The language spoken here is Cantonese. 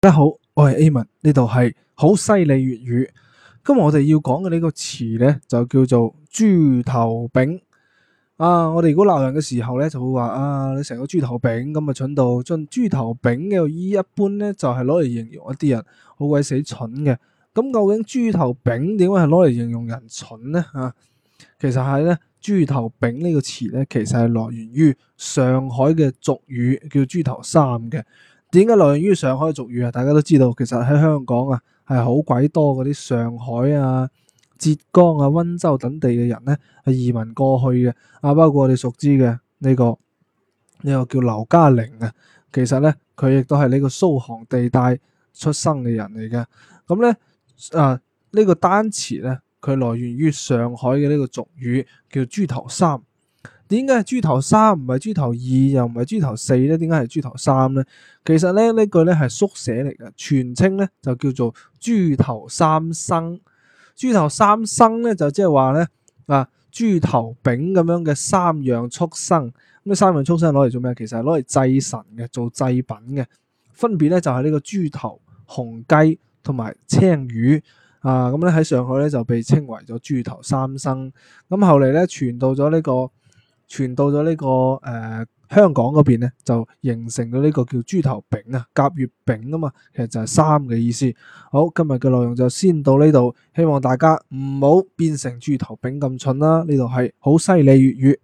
大家好，我係 Aman，呢度係好犀利粵語。今日我哋要講嘅呢個詞呢，就叫做豬頭丙啊！我哋如果鬧人嘅時候呢，就會話啊，你成個豬頭丙咁啊，蠢到盡。豬頭丙嘅依一般呢，就係攞嚟形容一啲人好鬼死蠢嘅。咁、啊、究竟豬頭丙點解係攞嚟形容人蠢呢？啊？其實係呢，豬頭丙呢個詞呢，其實係來源於上海嘅俗語，叫豬頭三嘅。點解來源於上海嘅俗語啊？大家都知道，其實喺香港啊，係好鬼多嗰啲上海啊、浙江啊、温州等地嘅人咧，係移民過去嘅啊。包括我哋熟知嘅呢、呢個呢、呢個叫劉嘉玲啊，其實咧佢亦都係呢個蘇杭地帶出生嘅人嚟嘅。咁、嗯、咧啊，呢個、呢個單詞咧，佢來源於上海嘅呢個俗語，叫豬頭三。點解係豬頭三唔係豬頭二又唔係豬頭四咧？點解係豬頭三咧？其實咧，呢句咧係縮寫嚟嘅，全稱咧就叫做豬頭三生。豬頭三生咧就即係話咧啊，豬頭丙咁樣嘅三樣畜生。咁呢三樣畜生攞嚟做咩？其實係攞嚟祭神嘅，做祭品嘅。分別咧就係、是、呢個豬頭、紅雞同埋青魚啊。咁咧喺上海咧就被稱為咗豬頭三生。咁後嚟咧傳到咗呢、這個。傳到咗呢、這個誒、呃、香港嗰邊咧，就形成咗呢個叫豬頭丙啊，甲乙丙啊嘛，其實就係三嘅意思。好，今日嘅內容就先到呢度，希望大家唔好變成豬頭丙咁蠢啦。呢度係好犀利粵語。